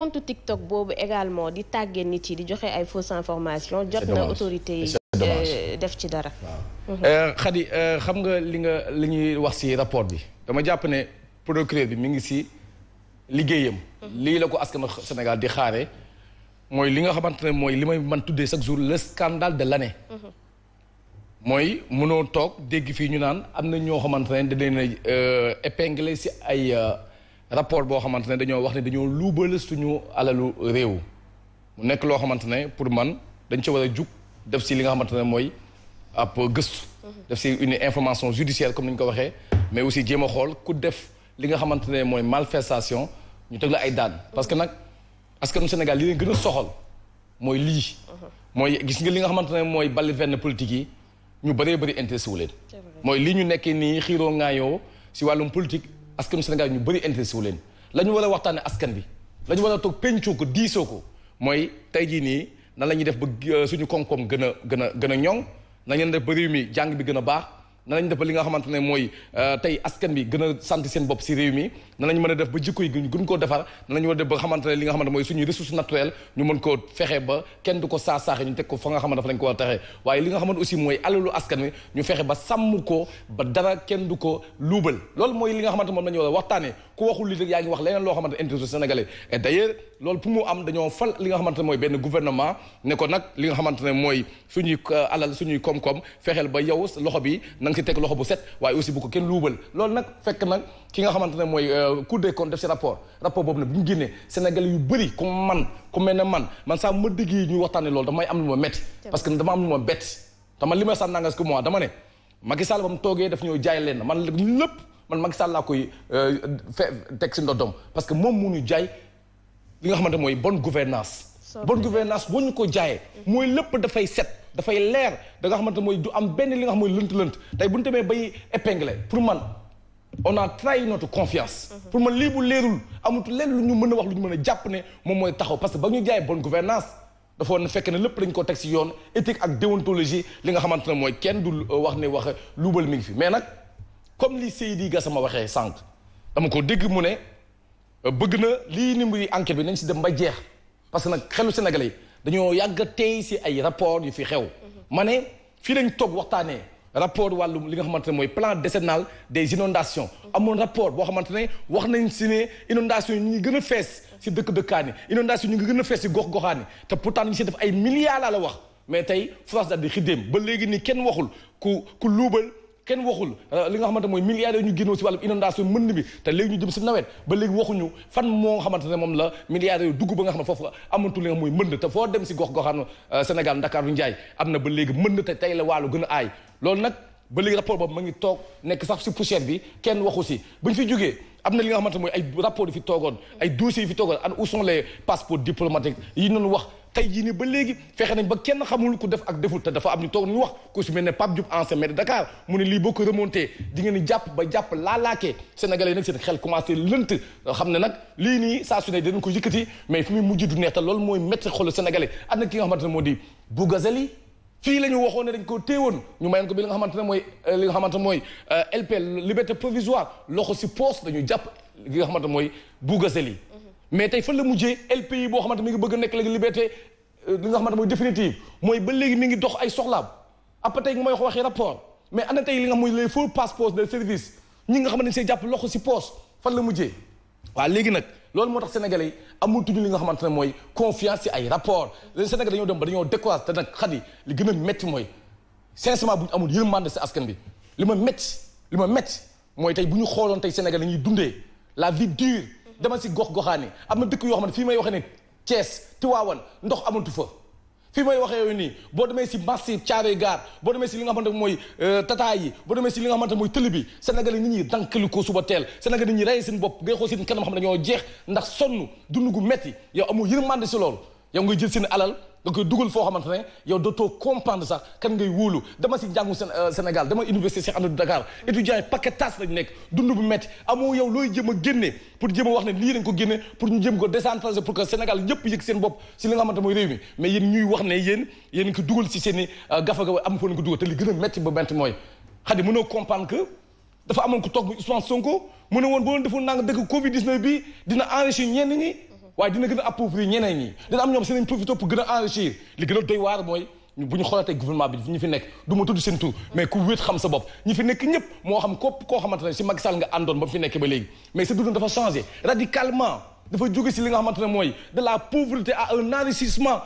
compte TikTok boobu également di tàggee nit yi di joxe ay fausses informations jot na autorité yi euh, def ci dara mhm. euh, Khady euh, xam nga li nga li ñuy wax si rapport bi dama jàpp ne procureur bi mi ngi si liggéeyam mhm. lii la ko askanu Sénégal di xaare mooy li nga xamante ne mooy li may man tuddee chaque jour le scandale de l'année mhm. mooy mënoo toog dégg fii ñu naan am na ñoo xamante ne dañ leen épinglé si ay rapport boo xamante ne dañoo wax ne dañoo luubal suñu alalu réew mu nekk loo xamante ne pour man dañ ci war a jug def si li nga xamante ne mooy ab gëstu. def si une information judiciaire comme ni ko waxee mais aussi jéem a xool ku def li nga xamante ne mooy malversation ñu teg la ay daan. parce que nag askanu Sénégal li leen gën a mooy lii. mooy gis nga li nga xamante ne mooy baliverne politique yi ñu bëree bëri intéressé wu leen. mooy lii ñu nekkee nii xiiroo ŋaayoo si wàllum politique. askanu Sénégal ñu bëri intéressé wu leen la ñu war a waxtaanee askan bi la war a toog pencoo ko diisoo ko mooy tey jii nii nan la ñuy def ba euh, suñu koom-koom gën a gën a gën a ñoŋ nañ leen def ba réew mi jàng bi gën a baax nañ def ba li nga xamante ne mooy euh, tey askan bi gën a sant seen bopp si réew mi nañ mën a def ba jikko yi gën koo defar nañ war a def ba xamante ne li nga xamante mooy suñuy ressource naturelle ñu mën koo fexe ba kenn du ko saax saaxe ñu teg ko fa nga xamante dafa lañ ko war a waaye li nga xamante aussi mooy alalu askan wi ñu fexe ba sàmm ko ba dara kenn du ko luubal loolu mooy li nga xamante moom la ñu war waxtaanee ku waxul li rek yaa ngi wax leneen loo xamante intérêt sénégalais et d'ailleurs loolu pour mu am dañoo fal li nga xamante ne mooy benn gouvernement ne ko nag li nga xamante ne mooy ñuy euh, alal suñuy koom-koom fexeel ba yow loxo bi na nga si teg loxo bu set waaye aussi bu ko kenn luubal loolu nag fekk nag ki nga xamante ne mooy euh, Cour des comptes def si rapport rapport boobu nag bu ñu génnee Sénégalais yu bëri comme man ku mel ne man man saa ma dégg yi ñuy waxtaanee loolu damay am lu ma metti parce que dama am lu ma bett dama li may sànnangas ko moi dama ne Macky Sall ba mu toogee daf ñëw jaay leen man lépp man Macky Sall laa koy euh, fe teg si ndoddom parce que moom mu nu jaay li nga xamante mooy bon gouvernance bonne gouvernance boo ñu ko jaayee mm-hmm. mooy lépp dafay set dafay leer da nga xamante mooy du am benn li nga xam mooy lënt-lënt tey bu ñu demee bay épinglé pour man on a trahi notre confiance mm-hmm. pour man lii bu leerul amut leen lu ñu mën a wax lu ñu mën a jàpp ne moom mooy taxaw parce que ba ñu jaaye bonne gouvernance dafa woon fekk ne lépp dañ ko teg si yoon éthique ak déontologie li nga xamante ne mooy kenn du wax ne wax luubal mi ngi fi mais nag comme li Seydi Gassama waxee sànq dama ko dégg mu ne bëgg na lii ni muy enquête bi nañ si dem ba jeex parce que nag xelu Sénégalais yi dañoo yàgg a tey si ay rapport yu fi xew ma ne fii lañ toog waxtaanee rapport wàllum li nga xamante ne mooy plan décennal des inondations amoon rapport boo xamante ne wax nañ si ne inondation yi ñu ngi gën a fees si dëkk dëkkaan yi inondation ñu ngi gën a fees si gox goxaan te pourtant ñu si def ay milliards laa la wax mais tey France daal di xiddeem ba léegi nii kenn waxul ku ku luubal kenn waxul euh, li nga xamante mooy milliards yooyu ñu génnoo si wàllum inondation mënd bi te léegi ñu jëm si nawet ba léegi waxuñu fan moo xamante ne moom la milliare yooyu dugg ba nga xam ne foofu amatul li nga mooy mënd te si gox goxaan euh, Sénégal Dakar bu Njaay am na ba léegi mën te tey la wàllu gën a aay loolu nag ba léegi rapport boobu ma ngi toog nekk sax si poussière bi kenn waxu si buñ fi jógee am na li nga xamante mooy ay rapport yi fi toogoon ay dossiers yi fi toogoon an où sont les passeports yi noonu wax tey jii nii ba léegi fexe nañ ba kenn xamul ku def ak deful te dafa am ñu toog ñu wax ku si mu ne lii boo ko remonté di ngeen jàpp ba nag seen xel commencé lënt xam ne nag lii nii saa su ne dinañ ko yëkkati mais fi muy mujj du neex te loolu mooy métti xolu sénégalais am na la ñu waxoon ne dañ ko téewoon ñu mayoon ko bi euh, li nga xamante ne mooy li nga mooy LP liberté provisoire loxo si poste dañu jàpp li nga xamante mooy Bougazelli mhm. mais tey fan la mujjee LP yi boo li nga xamante mooy définitive mooy ba léegi mi ngi dox ay soxlaam après tey nga may wax waxi rapport mais na tey li nga xam mooy les faux passeports de nga xamante ne see jàpp loxo si poos fan la mujjee waaw léegi nag loolu moo tax sénégalais yi amatuñu li nga xamante ne mooy confiance ci ay rapport léegi sénégalais dañoo dem ba dañoo découragé te nag xadi li gën a métti mooy sincèrement bu ñu amul yërmande si askan bi li ma métti li ma métti mooy tey bu ñu xooloon tey sénégalais ñuy dundee la vie dure dama si gox goxaani am na dëkk yoo xam ne fii may waxee ne Thiès Tiwaawan ndox amatu fa fi may waxee yooyu nii boo demee si marché Thiaroye gaar boo demee si li nga xamante mooy euh, tata yi boo demee si li nga xamante mooy tëli bi Sénégal yi nit ñi dànkali suba teel Sénégal yi nit ñi rey seen bopp ngay xool seen kanam xam ne ñoo jeex ndax sonn dund gu metti yow amul yërmande si loolu yow ngay jël seen alal da koy dugal foo xamante ne yow dootoo comprendre sax kan ngay wóolu dama si njàngu euh, Sénégal dama université Cheikh Anta Dakar étudiants yi paquet tas lañ nekk dund bu métti amoo yow looy jëm génne pour jëm wax ne lii dañ ko génne pour ko décentraliser pour que Sénégal yëpp yëg seen bopp si li nga xamante mooy réew mi mais yéen ñuy wax ne yéen yéen ko dugal si seen i euh, gafa gafa am ko dugal te li gën a métti ba métti mooy xadi mënoo comprendre que dafa mu ne woon boo leen defoon nanga dëkk Covid 19 bi waaye dina gën a appauvrir ñeneen ñi dina am ñoom seen profité pour gën a enrichir li gën doy waar mooy bu ñu xoolatee gouvernement bi fi nekk du ma tudd seen nekk moo xam koo xamante ne si Macky Sall nga àndoon ba fi nekk ba léegi mais sa dund dafa changé radicalement dafa jóge si li nga xamante ne mooy de la pauvreté à un enrichissement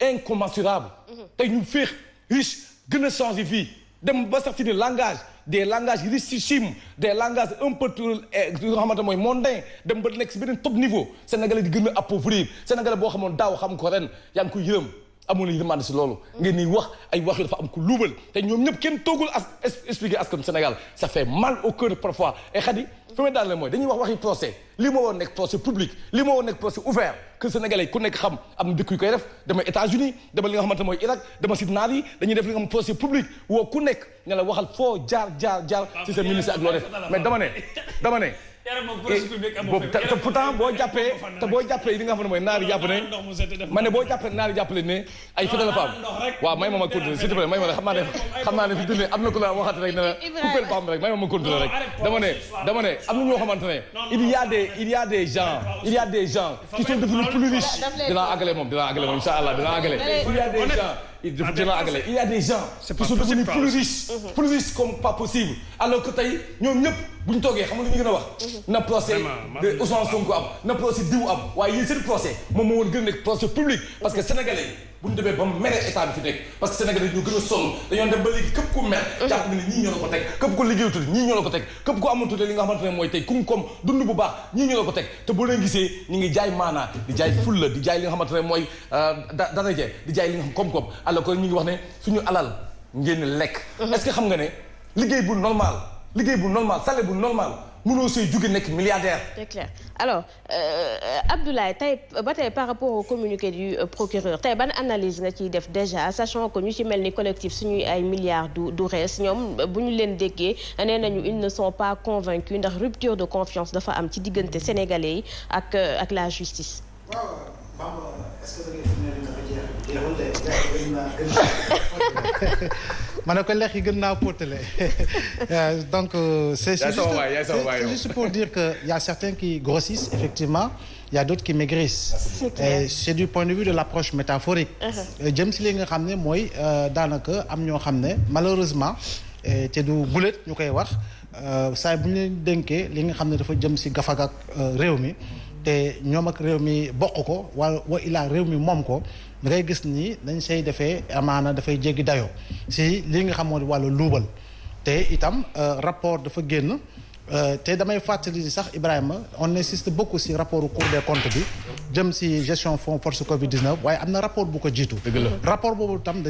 incommensurable mm-hmm. tey ñu féex riche gën a changé fii dem ba sax ci ni langage des langages richissimes des langages un peu eh, li nga xamante mooy dem ba nekk si beneen top niveau sénégalais di gën a appauvrir sénégalais boo xamoon daaw xam ko ren yaa ngi amul yërmande si loolu ngeen ni wax ay wax yu am ku luubal te ñoom ñëpp kenn toogul as expliquer askan Sénégal ça fait mal au cœur parfois et xadi fi may mooy dañuy wax waxi procès li ma woon nekk procès public li ma woon nekk procès ouvert que sénégalais ku nekk xam am na dëkk yu koy def dama États-Unis dama li nga xamante mooy Irak dama si naar yi dañuy def li nga xam procès public woo ku nekk ne la foo jaar jaar jaar si sa ministre dama ne dama ne Eh, te pourtant boo jàppee te boo jàppee li nga xam ne mooy naari jàpp ne ma ne boo jàppee naari jàppale ay fete la fa may ma ma continuer s'il may ma xam naa fi dune am na ku la waxaat rek ne la coupé bam rek may ma ma rek dama am na ñoo il y des gens il y a des gens qui sont devenus plus riches dinaa àggale allah dinaa àggale il y des gens il ah, des gens. qui sont devenus plus riches. plus comme pas possible. alors que tey ñoom bu ñu toogee xam ñu gën a mhm. ah. na procès de Ousmane Sonko am na procès diw am waaye yéen seen procès moom moo nekk procès public parce que sénégalais. bu ñu demee ba mu mere état bi fi nekk parce que Sénégal dañoo gën a sonn dañoo dem ba léegi képp ku mer mhm. jàpp ni ñii ñoo la ko teg képp ku liggéeyutul ñii teg li nga xamante mooy tey kum kom dund bu baax ñii ñoo la ko teg te boo leen gisee ñu ngi jaay maanaa di jaay mhm. fulla di jaay li nga ne mooy euh, daraje di jaay li nga xam koom-koom alors que ñu ngi wax ne suñu alal ngeen lekk mhm. est-ce que xam nga ne liggéey bu normal liggéey bu normal salaire bu normal mënoo see jóge nekk milliardaire. c'est clair alors euh, Abdoulaye tey ba tey par rapport au communiqué du euh, procureur ba ban analyse nga ciy def déjà sachant que ñu ci mel ni collectif suñuy ay milliards du du rees ñoom bu ñu leen déggee nee nañu ils ne sont pas convaincus ndax rupture de confiance dafa am ci diggante sénégalais yi ak euh, ak la justice. waaw ma ne ko leex yi gën naa potelé euh, donc euh, c'est c'est juste pour dire que y a certains qui grossissent effectivement il y a d'autres qui maigrissent ah, et c'est du point de vue de l'approche métaphorique uh-huh. euh, jëm si li nga xam ne mooy daanaka am ñoo xam ne malheureusement te du bulet ñu koy wax saay bu ñu leen dénkee li nga xam ne dafa jëm si gafag ak réew mi te ñoom ak réew mi bokk ko wala wa ilaa réew mi moom ko da ngay gis nii dañ say defee amaana dafay jéggi dayoo si lii nga xam moo di wàllu luubal te itam euh, rapport dafa génn euh, te damay fàttali ni sax Ibrahima on insiste beaucoup si rapport Cour des comptes bi jëm si gestion fonds force Covid 19 waaye am na rapport bu ko jiitu. rapport boobu tam.